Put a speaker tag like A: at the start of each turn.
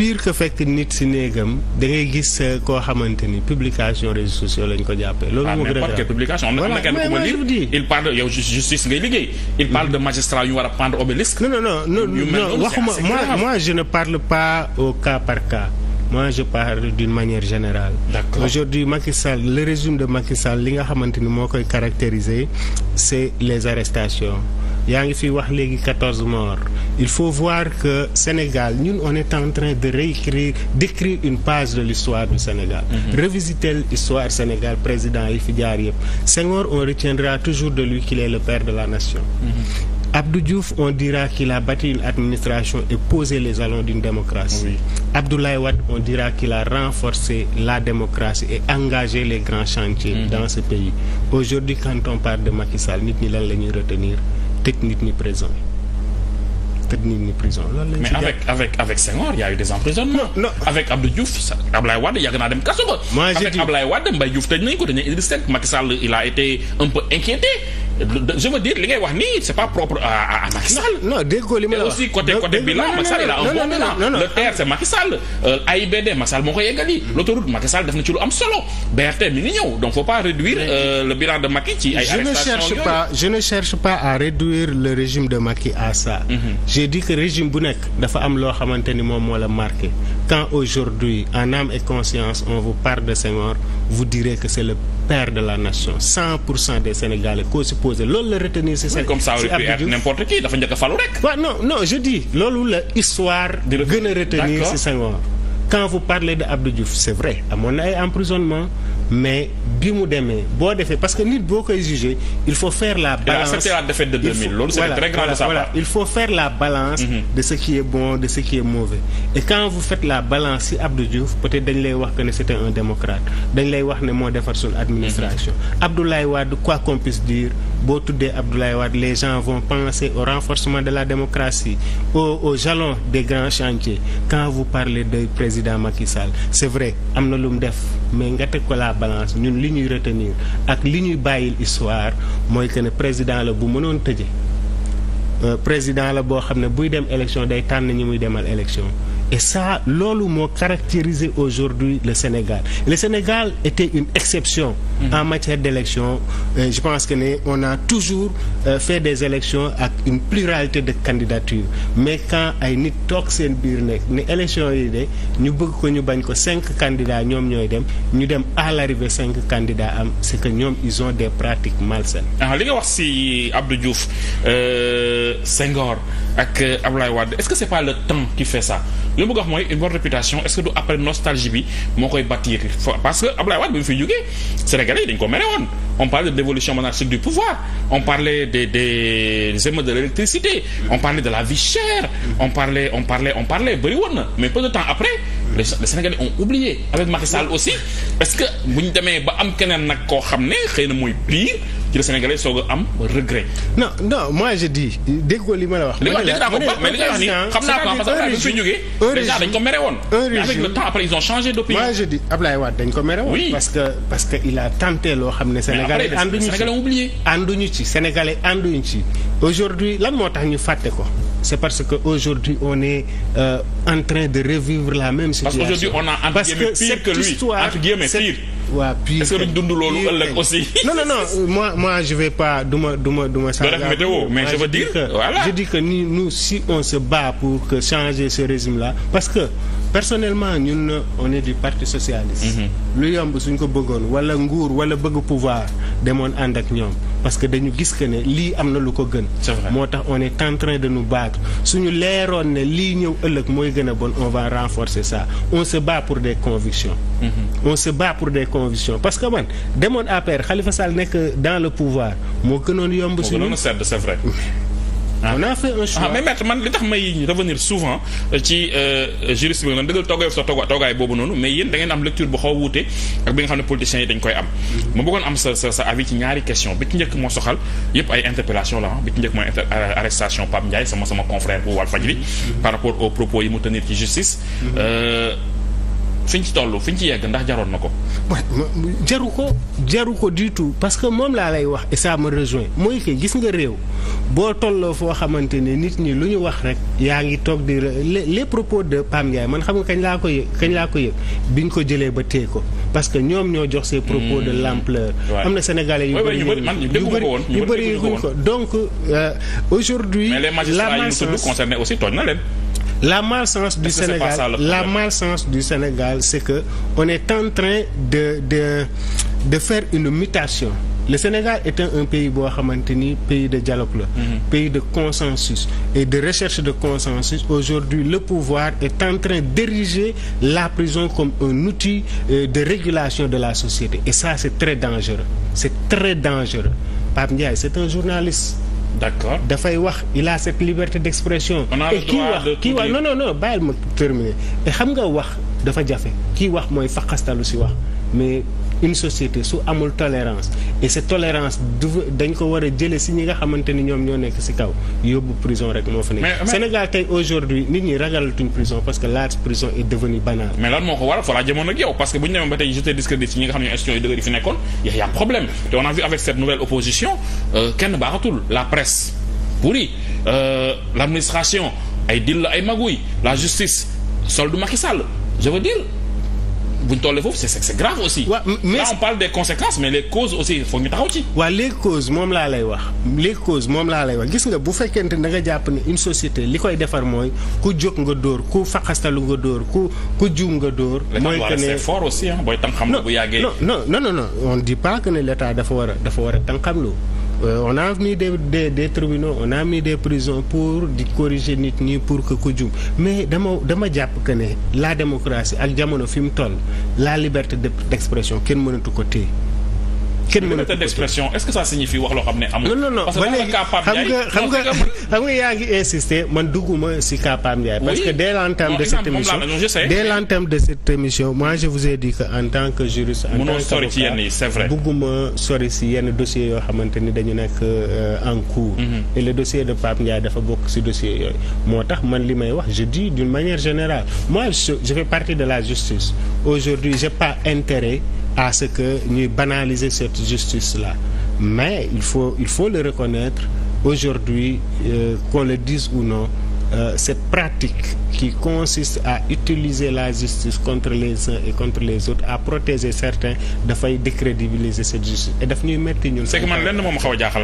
A: pire que fekk nit si néegam da ngay gis euh, koo xamante ni publication réseaux sociaux lañ ko jàppee. loolu ah, moo gën
B: a na ma lire il parle yow justice ngay liggéey. il parle de magistrat yu war a prendre obélisque. non non non non waxuma moi moi
A: je ne parle pas au cas par cas. moi je parle d'une manière générale. d'accord aujourd'hui Macky le résumé de Macky Sall li nga xamante ni moo koy caractériser c'est les arrestations. yaa ngi fi wax léegi quatorze morts il faut voir que Sénégal ñun on est en train de réécrire d'écrire une page de l'histoire du Sénégal mm -hmm. revisiter l'histoire Sénégal président yi fi jaar yëpp Senghor on retiendra toujours de lui qu'il est le père de la nation mm -hmm. Abdou on dira qu'il a bâti une administration et posé les jalons d'une démocratie. Oui. Abdoulaye Wade on dira qu'il a renforcé la démocratie et engagé les grands chantiers. Mm-hmm. dans ce pays. Aujourd'hui quand on parle de Macky nit ñi lan la ñuy retenir. tëj nit ñi prison yi tëj nit ñi prison loolu mais avec avec avec Senghor y a eu des
B: emprisonnements. non avec Abdou Diouf sa Ablaye Wade yàgg naa dem kaso avec Ablaye Wade Mbaye Diouf tëj nañ ko dañ ne Idriss Seck Macky été un peu inquiété. je veux dire li ngay wax nii c'est pas propre à à Macky Sall.
A: non déggoo li ma la wax
B: le TER c'est Macky AIBD euh, Macky Sall moo ko yeggali l'autoroute Macky Sall na ci lu am solo BRT mi ngi ñëw donc faut pas réduire euh, le bilan de Macky ci ay arrestations yooyu
A: je ne cherche pas à réduire le régime de Macky à ça mhm. j'ai dit que régime bu nekk dafa am loo xamante ni moom moo la marqué quand aujourd'hui en âme et conscience on vous parle de Senghor vous direz que c'est le père de la nation 100 pour cent des Sénégalais koo si loolu la retenir si. seen comme ça n'importe qui dafa njëkk a falu rek. waaw non non je loolu la histoire. gën a retenir si Senghor. quand vous parlez de Abdou c'est vrai amoon na emprisonnement mais bi mu demee boo defee parce que nit boo koy juger il faut faire la balance c'était la défaite de 2000 loolu c'est très mhm. ce qui est bon de ce qui est mauvais et quand vous faites la balance si Abdou Diouf peut-être dañ lay wax que ne c'était un démocrate dañ lay wax ne moo defar suñu administration mhm. Abdoulaye Wade quoi qu'on puisse dire boo tuddee Abdoulaye Wade les gens vont penser au renforcement de la démocratie au au jalon des grands chantiers quand vous parlez de président Macky Sall c'est vrai am na lu mu def mais nga teg ko la balance ñun li ñuy retenir ak li ñuy bàyyil histoire mooy que ne président la bu mënoon tëje euh, président la boo xam ne buy dem élection day tànn ñi muy demal élection Et ça, loolu moo caractérisé aujourd'hui le Sénégal. Le Sénégal était une exception mm en matière d'élection. Euh, je pense que ne on a toujours euh, fait des élections ak une pluralité de candidatures. Mais quand ay nit toog seen biir nekk ne élection yi de ñu bëgg ko ñu bañ ko cinq candidats ñoom ñooy dem ñu dem à l'arrivée cinq candidats am c'est que ñoom ils ont des pratiques malsaines.
B: Ah li nga wax ci Abdou Diouf euh, Senghor ak Abdoulaye Wade est-ce que c'est pas le temps qui li mu bëgg a wax mooy une bonne réputation est-ce que du après nostalgie bi moo koy bâtir parce que Abdoulaye Wade bi mu fiy jógee Sénégalais yi ko mere on parlait de l'évolution monarchique du pouvoir on parlait des des émeutes de l'électricité on parlait de la vie chère on parlait on parlait on na mais peu de temps après les Sénégalais ont oublié avec Macky Sall aussi est-ce que bu ñu demee ba am keneen nag koo xam ne xëy na mooy pire ci la Sénégalais soog a am regret.
A: non non moi je dis dégg li ma la wax. li ma dégg naa ko mais li nga wax nii xam naa ko parce que bi fi jógee. un régime dañ ko mere woon. un régime avec le temps après ils ont changé d'opinion. moi je dis Ablaye Wade dañ ko mere woon. oui parce que parce que il a tenté loo xam ne. Sénégalais ànduñu ci Sénégalais oublié. ànduñu ci Sénégalais ànduñu ci. aujourd'hui lan moo tax ñu fàtte ko. c'est parce que aujourd'hui on est euh, en train de revivre la même situation. parce qu'aujourd'hui on a entre guillemets pire que lui entre guillemets pire. waa pire est dund loolu ëllëg aussi. Euh, non non non moi moi je vais pas du ma du ma du ma. def mais je veux dire que que ni nous si on se bat pour que changer ce régime là parce que personnellement ñun on est du parti socialiste. Mhm. lu yomb suñ ko bëggoon wala nguur wala bëgg pouvoir demoon ànd ak ñoom. parce que dañu gis que ne lii am na lu ko gën. moo tax on es en train de nu battre suñu leeroon ne lii ñëw ëllëg mooy gën a bon on va renforcer ça on se bat pour des convictions. Mm-hmm. on se bat pour des convictions parce que man demoon APR xalifa Sall nekk dans le pouvoir moo gënoon yomb. suñu moo gënoon
B: sedd c'est vrai. Ah. on a fait un choix ah, mais maître man li tax may revenir souvent euh, ci euh, juriste bi nga dëggal toggaay boobu noonu mais yéen da ngeen am lecture bu xaw wuute ak bi nga xam ne politiciens yi dañ koy am mm-hmm. ma bëggoon am sa sa avis ci ñaari question bi ci njëkk moo soxal yépp ay interpellation la ah bi ci njëkk mooy arrestation Pape Ndiaye sama sama confrère bu Walfadjri mm-hmm. par rapport aux propos yi mu tenir ci justice mm-hmm. euh, fiñ ci toll fiñ ci yegg ndax jaroon na ko.
A: jaru ko jaru ko du tout parce que moom laa lay wax et ça me mooy que gis nga réew boo tolloo foo xamante ne nit ñi lu ñu wax rek yaa ngi toog di le propos de Pam Ndiaye man xam nga kañ laa ko yëg kañ laa ko yëg biñ ko jëlee ba téye ko parce que ñoom ñoo jox see propos de hmm. l'ampleur am na sénégalais yu bëri yu bëri yu ko donc euh, aujourd'hui la masse concerné aussi tooñ na leen la malchance du Sénégal ça, la malchance du Sénégal c'est que on est en train de de de faire une mutation le Sénégal étant un pays boo xamante ni pays de dialogue la mhm. pays de consensus et de recherche de consensus aujourd'hui le pouvoir est en train d'ériger la prison comme un outil euh, de régulation de la société et ça c'est très dangereux c'est très dangereux Pape Ndiaye c'est un journaliste d'accord dafay wax il a cette liberté d'expression kii wax kii wax non non non bàyyil ma terminer et xam nga wax dafa jafe kii wax mooy faqastalu si wax mais une société su amul tolérance et cette tolérance dañ ko war a si ñi nga xamante ni ñoom ñoo nekk si kaw yóbbu prison rek moo fa nekk. Sénégal tey aujourd'hui nit ñi ragalatuñ prison parce que la prison est devenue banale.
B: mais lan moo ko waral fa laa jëmoon ak yow parce que bu ñu demee ba tey jeté discrédit si ñi nga xam ne institution yu dëgër fi nekkoon y a problème te on a vu avec cette nouvelle opposition euh, kenn baaxatul la presse
A: buñ ñu tollee foofu c' est c' est grave aussi. waaw ouais, mais là mais les causes aussi foog ñu taxaw ci. waaw les causes moom laa lay wax les causes moom laa lay wax gis nga bu fekkente ne da nga jàpp ne une société li koy defar mooy ku jóg nga dóor ku faqastalu nga dóor ku ku juum nga dóor. mooy que ne fort
B: aussi ah booy tànqamlu bu yàggee. non
A: non non non on dit di que ne l' état dafa war a dafa war a tànqamlu Euh, on a mis des des des tribunaux on a mis des prisons pour di corriger nit ñi pour que ku jum mais dama dama jàpp que ne laa démocratie ak jamono fi mu toll la liberté d'expression kenn mënatu ko téye.
B: kenn liberté d'expression est-ce que ça signifie wax loo xam ne amul. non non non ba léegi xam nga xam nga
A: xam nga yaa ngi insister man dugguma si cas Pape Ndiaye. parce que dès l'entame de cette émission dès l'entame de cette émission moi je vous ai dit que en tant que juriste. en tant que sori ci yenn yi c'est vrai bugguma sori si yenn dossiers yoo xamante ni dañu nekk euh, en cours. Mhm. et le dossier de Pape Ndiaye dafa bokk si dossier yooyu moo tax man li may wax je dis d'une manière générale moi je je fais partie de la justice aujourd'hui j'ai pas intérêt. à que ñuy banaliser cette justice la mais il faut il faut le reconnaître aujourd'hui euh, qu'on le dise ou non euh, cette pratique qui consiste à utiliser la justice contre les uns et contre les autres à protéger certains dafay décrédibiliser cette justice et daf ñuy metti ñun. c'est que man lenn moom xaw
B: a jaaxal.